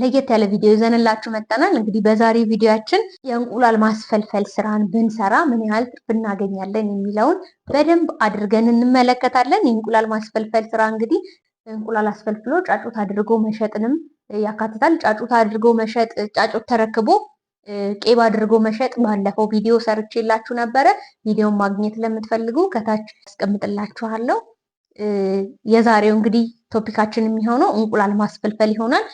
ለየት ያለ ቪዲዮ ይዘንላችሁ መጠናል። እንግዲህ በዛሬ ቪዲዮያችን የእንቁላል ማስፈልፈል ስራን ብንሰራ ምን ያህል ትርፍ እናገኛለን የሚለውን በደንብ አድርገን እንመለከታለን። የእንቁላል ማስፈልፈል ስራ እንግዲህ እንቁላል አስፈልፍሎ ጫጩት አድርጎ መሸጥንም ያካትታል። ጫጩት አድርጎ መሸጥ፣ ጫጩት ተረክቦ ቄብ አድርጎ መሸጥ ባለፈው ቪዲዮ ሰርቼላችሁ ነበረ። ቪዲዮን ማግኘት ለምትፈልጉ ከታች ያስቀምጥላችኋለሁ። የዛሬው እንግዲህ ቶፒካችን የሚሆነው እንቁላል ማስፈልፈል ይሆናል።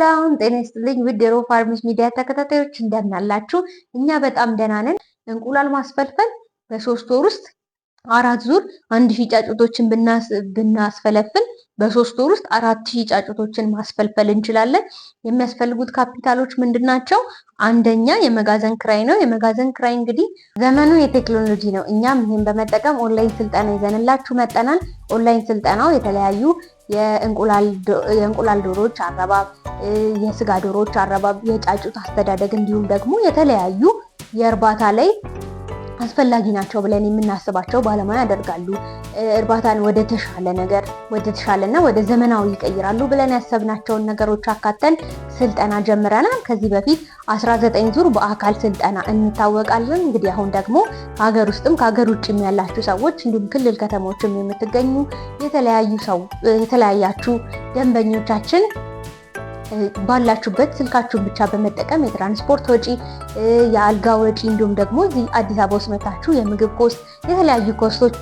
ሰላም ጤና ይስጥልኝ ውድ የሮ ፋርምስ ሚዲያ ተከታታዮች እንደምናላችሁ፣ እኛ በጣም ደህና ነን። እንቁላል ማስፈልፈል በሶስት ወር ውስጥ አራት ዙር አንድ ሺህ ጫጩቶችን ብናስፈለፍል በሶስት ወር ውስጥ አራት ሺህ ጫጩቶችን ማስፈልፈል እንችላለን። የሚያስፈልጉት ካፒታሎች ምንድን ናቸው? አንደኛ የመጋዘን ክራይ ነው። የመጋዘን ክራይ እንግዲህ ዘመኑ የቴክኖሎጂ ነው። እኛም ይህን በመጠቀም ኦንላይን ስልጠና ይዘንላችሁ መጠናል። ኦንላይን ስልጠናው የተለያዩ የእንቁላል ዶሮዎች አረባብ፣ የስጋ ዶሮዎች አረባብ፣ የጫጩት አስተዳደግ እንዲሁም ደግሞ የተለያዩ የእርባታ ላይ አስፈላጊ ናቸው ብለን የምናስባቸው ባለሙያ ያደርጋሉ። እርባታን ወደ ተሻለ ነገር ወደ ተሻለና ወደ ዘመናዊ ይቀይራሉ ብለን ያሰብናቸውን ነገሮች አካተን ስልጠና ጀምረናል። ከዚህ በፊት 19 ዙር በአካል ስልጠና እንታወቃለን። እንግዲህ አሁን ደግሞ ከሀገር ውስጥም ከሀገር ውጭም ያላችሁ ሰዎች እንዲሁም ክልል ከተሞችም የምትገኙ የተለያዩ ሰው የተለያያችሁ ደንበኞቻችን ባላችሁበት ስልካችሁን ብቻ በመጠቀም የትራንስፖርት ወጪ፣ የአልጋ ወጪ እንዲሁም ደግሞ እዚህ አዲስ አበባ ውስጥ መታችሁ የምግብ ኮስት የተለያዩ ኮስቶች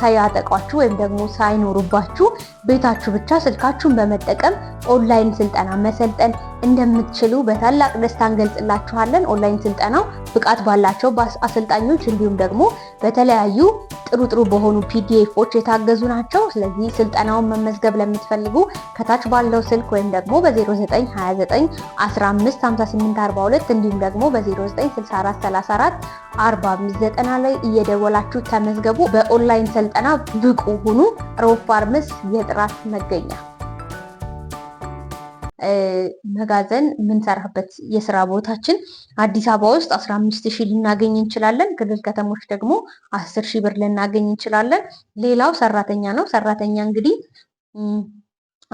ሳያጠቋችሁ ወይም ደግሞ ሳይኖሩባችሁ ቤታችሁ ብቻ ስልካችሁን በመጠቀም ኦንላይን ስልጠና መሰልጠን እንደምትችሉ በታላቅ ደስታ እንገልጽላችኋለን። ኦንላይን ስልጠናው ብቃት ባላቸው አሰልጣኞች እንዲሁም ደግሞ በተለያዩ ጥሩ ጥሩ በሆኑ ፒዲኤፎች የታገዙ ናቸው። ስለዚህ ስልጠናውን መመዝገብ ለምትፈልጉ ከታች ባለው ስልክ ወይም ደግሞ በ0929155842 እንዲሁም ደግሞ በ0964344590 ላይ እየደወላችሁ ተመዝገቡ። በኦንላይን ስልጠና ብቁ ሁኑ። ሮፋርምስ የጥራት መገኛ መጋዘን የምንሰራበት የስራ ቦታችን አዲስ አበባ ውስጥ አስራ አምስት ሺህ ልናገኝ እንችላለን። ክልል ከተሞች ደግሞ አስር ሺህ ብር ልናገኝ እንችላለን። ሌላው ሰራተኛ ነው። ሰራተኛ እንግዲህ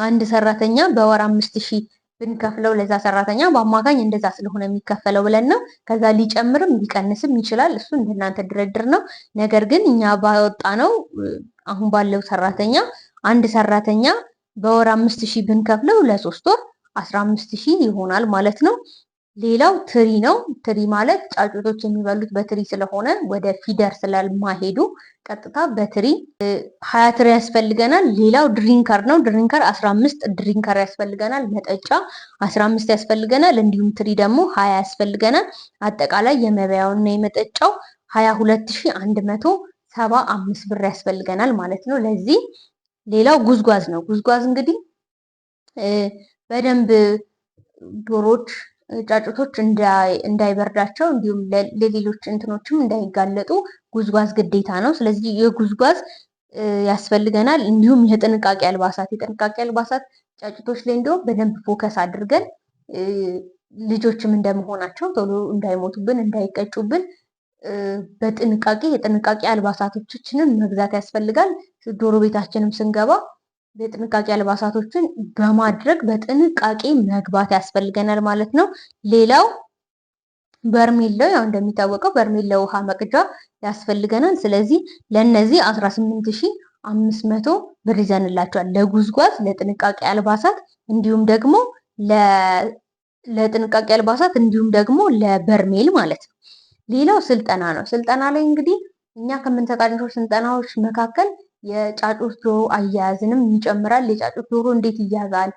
አንድ ሰራተኛ በወር አምስት ሺህ ብንከፍለው ለዛ ሰራተኛ በአማካኝ እንደዛ ስለሆነ የሚከፈለው ብለን ነው። ከዛ ሊጨምርም ሊቀንስም ይችላል። እሱ እንደናንተ ድርድር ነው። ነገር ግን እኛ ባወጣ ነው አሁን ባለው ሰራተኛ አንድ ሰራተኛ በወር አምስት ሺህ ብንከፍለው ለሶስት ወር አስራ አምስት ሺህ ይሆናል ማለት ነው። ሌላው ትሪ ነው። ትሪ ማለት ጫጩቶች የሚበሉት በትሪ ስለሆነ ወደ ፊደር ስለማሄዱ ቀጥታ በትሪ ሀያ ትሪ ያስፈልገናል። ሌላው ድሪንከር ነው። ድሪንከር አስራ አምስት ድሪንከር ያስፈልገናል። መጠጫ አስራ አምስት ያስፈልገናል። እንዲሁም ትሪ ደግሞ ሀያ ያስፈልገናል። አጠቃላይ የመበያውና የመጠጫው ሀያ ሁለት አንድ መቶ ሰባ አምስት ብር ያስፈልገናል ማለት ነው። ለዚህ ሌላው ጉዝጓዝ ነው። ጉዝጓዝ እንግዲህ በደንብ ዶሮዎች፣ ጫጩቶች እንዳይበርዳቸው እንዲሁም ለሌሎች እንትኖችም እንዳይጋለጡ ጉዝጓዝ ግዴታ ነው። ስለዚህ የጉዝጓዝ ያስፈልገናል። እንዲሁም የጥንቃቄ አልባሳት የጥንቃቄ አልባሳት ጫጩቶች ላይ እንዲሁም በደንብ ፎከስ አድርገን ልጆችም እንደመሆናቸው ቶሎ እንዳይሞቱብን እንዳይቀጩብን በጥንቃቄ የጥንቃቄ አልባሳቶችንም መግዛት ያስፈልጋል። ዶሮ ቤታችንም ስንገባ የጥንቃቄ አልባሳቶችን በማድረግ በጥንቃቄ መግባት ያስፈልገናል ማለት ነው። ሌላው በርሜላው ያው እንደሚታወቀው በርሜላው ውሃ መቅጃ ያስፈልገናል። ስለዚህ ለእነዚህ አስራ ስምንት አምስት መቶ ብር ይዘንላቸዋል ለጉዝጓዝ ለጥንቃቄ አልባሳት እንዲሁም ደግሞ ለጥንቃቄ አልባሳት እንዲሁም ደግሞ ለበርሜል ማለት ነው። ሌላው ስልጠና ነው። ስልጠና ላይ እንግዲህ እኛ ከምንሰጣቸው ስልጠናዎች መካከል የጫጩት ዶሮ አያያዝንም ይጨምራል። የጫጩት ዶሮ እንዴት ይያዛል፣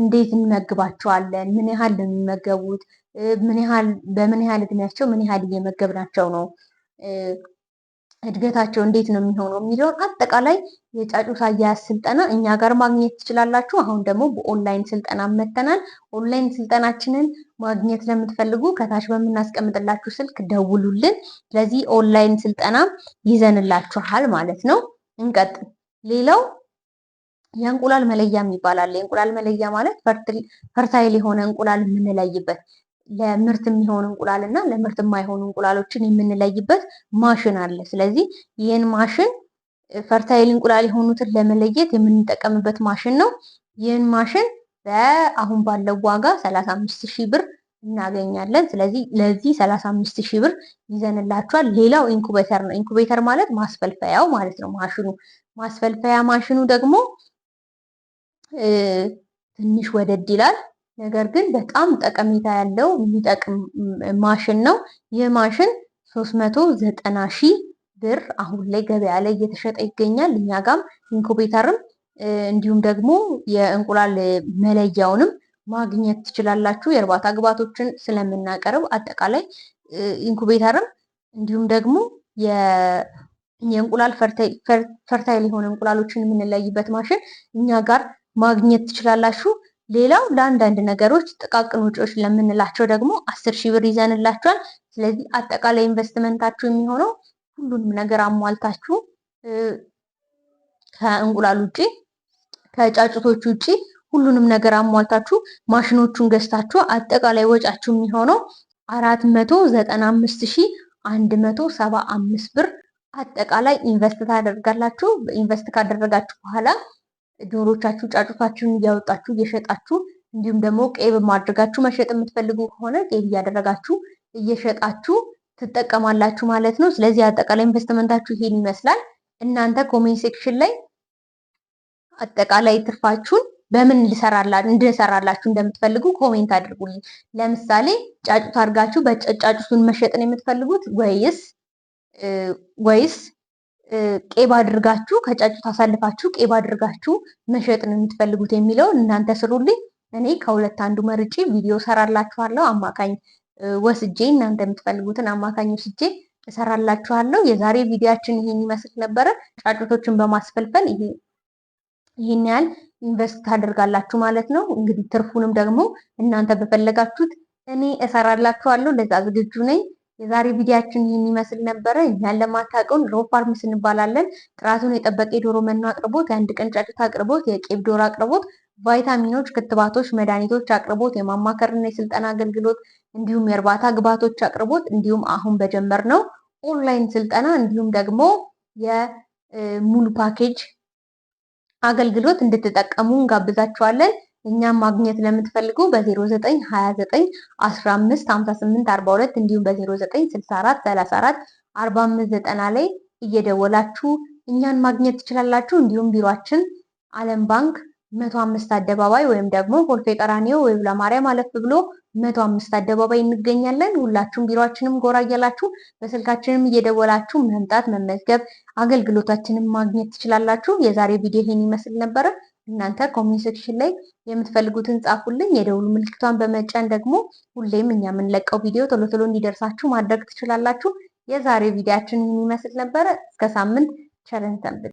እንዴት እንመግባቸዋለን፣ ምን ያህል ነው የሚመገቡት፣ በምን ያህል እድሜያቸው ምን ያህል እየመገብናቸው ነው እድገታቸው እንዴት ነው የሚሆነው የሚለውን አጠቃላይ የጫጩት አያያዝ ስልጠና እኛ ጋር ማግኘት ትችላላችሁ። አሁን ደግሞ በኦንላይን ስልጠና መተናል። ኦንላይን ስልጠናችንን ማግኘት ለምትፈልጉ ከታች በምናስቀምጥላችሁ ስልክ ደውሉልን። ስለዚህ ኦንላይን ስልጠና ይዘንላችኋል ማለት ነው። እንቀጥል። ሌላው የእንቁላል መለያ ይባላል። የእንቁላል መለያ ማለት ፈርታይል የሆነ እንቁላል የምንለይበት ለምርት የሚሆን እንቁላል እና ለምርት የማይሆኑ እንቁላሎችን የምንለይበት ማሽን አለ። ስለዚህ ይህን ማሽን ፈርታይል እንቁላል የሆኑትን ለመለየት የምንጠቀምበት ማሽን ነው። ይህን ማሽን በአሁን ባለው ዋጋ 35 ሺህ ብር እናገኛለን። ስለዚህ ለዚህ 35 ሺህ ብር ይዘንላችኋል። ሌላው ኢንኩቤተር ነው። ኢንኩቤተር ማለት ማስፈልፈያው ማለት ነው። ማሽኑ ማስፈልፈያ ማሽኑ ደግሞ ትንሽ ወደድ ይላል። ነገር ግን በጣም ጠቀሜታ ያለው የሚጠቅም ማሽን ነው። ይህ ማሽን ሶስት መቶ ዘጠና ሺህ ብር አሁን ላይ ገበያ ላይ እየተሸጠ ይገኛል። እኛ ጋም ኢንኩቤተርም እንዲሁም ደግሞ የእንቁላል መለያውንም ማግኘት ትችላላችሁ። የእርባታ ግብዓቶችን ስለምናቀርብ አጠቃላይ ኢንኩቤተርም እንዲሁም ደግሞ የእንቁላል ፈርታይል የሆነ እንቁላሎችን የምንለይበት ማሽን እኛ ጋር ማግኘት ትችላላችሁ። ሌላው ለአንዳንድ ነገሮች ጥቃቅን ወጪዎች ለምንላቸው ደግሞ አስር ሺህ ብር ይዘንላቸዋል። ስለዚህ አጠቃላይ ኢንቨስትመንታችሁ የሚሆነው ሁሉንም ነገር አሟልታችሁ ከእንቁላል ውጪ ከጫጩቶች ውጪ ሁሉንም ነገር አሟልታችሁ ማሽኖቹን ገዝታችሁ አጠቃላይ ወጫችሁ የሚሆነው አራት መቶ ዘጠና አምስት ሺህ አንድ መቶ ሰባ አምስት ብር አጠቃላይ ኢንቨስት ታደርጋላችሁ። ኢንቨስት ካደረጋችሁ በኋላ ጆሮቻችሁ ጫጩታችሁን እያወጣችሁ እየሸጣችሁ እንዲሁም ደግሞ ቄብ በማድረጋችሁ መሸጥ የምትፈልጉ ከሆነ ቄብ እያደረጋችሁ እየሸጣችሁ ትጠቀማላችሁ ማለት ነው። ስለዚህ አጠቃላይ ኢንቨስትመንታችሁ ይሄን ይመስላል። እናንተ ኮሜንት ሴክሽን ላይ አጠቃላይ ትርፋችሁን በምን እንድሰራላችሁ እንደምትፈልጉ ኮሜንት አድርጉልኝ። ለምሳሌ ጫጩት አድርጋችሁ በጫጩቱን መሸጥን የምትፈልጉት ወይስ ወይስ ቄብ አድርጋችሁ ከጫጩት አሳልፋችሁ ቄብ አድርጋችሁ መሸጥን የምትፈልጉት የሚለውን እናንተ ስሩልኝ። እኔ ከሁለት አንዱ መርጬ ቪዲዮ ሰራላችኋለሁ። አማካኝ ወስጄ እናንተ የምትፈልጉትን አማካኝ ወስጄ እሰራላችኋለሁ። የዛሬ ቪዲያችን ይሄን ይመስል ነበረ። ጫጩቶችን በማስፈልፈል ይሄ ይህን ያህል ኢንቨስት ታደርጋላችሁ ማለት ነው። እንግዲህ ትርፉንም ደግሞ እናንተ በፈለጋችሁት እኔ እሰራላችኋለሁ። ለዛ ዝግጁ ነኝ። የዛሬ ቪዲያችን የሚመስል ነበረ። እኛን ለማታውቀውን ሮ ፋርምስ እንባላለን። ጥራቱን የጠበቀ የዶሮ መኖ አቅርቦት፣ የአንድ ቀን ጫጩት አቅርቦት፣ የቄብ ዶሮ አቅርቦት፣ ቫይታሚኖች፣ ክትባቶች፣ መድኃኒቶች አቅርቦት፣ የማማከርና የስልጠና አገልግሎት እንዲሁም የእርባታ ግብዓቶች አቅርቦት እንዲሁም አሁን በጀመር ነው ኦንላይን ስልጠና እንዲሁም ደግሞ የሙሉ ፓኬጅ አገልግሎት እንድትጠቀሙ እንጋብዛችኋለን። እኛ ማግኘት ለምትፈልጉ በ0929 15 እንዲሁም በ0964 34 45 90 ላይ እየደወላችሁ እኛን ማግኘት ትችላላችሁ። እንዲሁም ቢሮችን አለም ባንክ 105 አደባባይ ወይም ደግሞ ኮልፌ ቀራኒዮ ወይም ለማርያም አለፍ ብሎ 105 አደባባይ እንገኛለን። ሁላችሁም ቢሮችንም ጎራ እያላችሁ በስልካችንም እየደወላችሁ መምጣት መመዝገብ፣ አገልግሎታችንም ማግኘት ትችላላችሁ። የዛሬ ቪዲዮ ይሄን ይመስል ነበረ። እናንተ ኮሜንት ሴክሽን ላይ የምትፈልጉትን ጻፉልኝ። የደውሉ ምልክቷን በመጫን ደግሞ ሁሌም እኛ የምንለቀው ቪዲዮ ቶሎ ቶሎ እንዲደርሳችሁ ማድረግ ትችላላችሁ። የዛሬ ቪዲያችን የሚመስል ነበረ። እስከ ሳምንት ቸርን ሰንብት።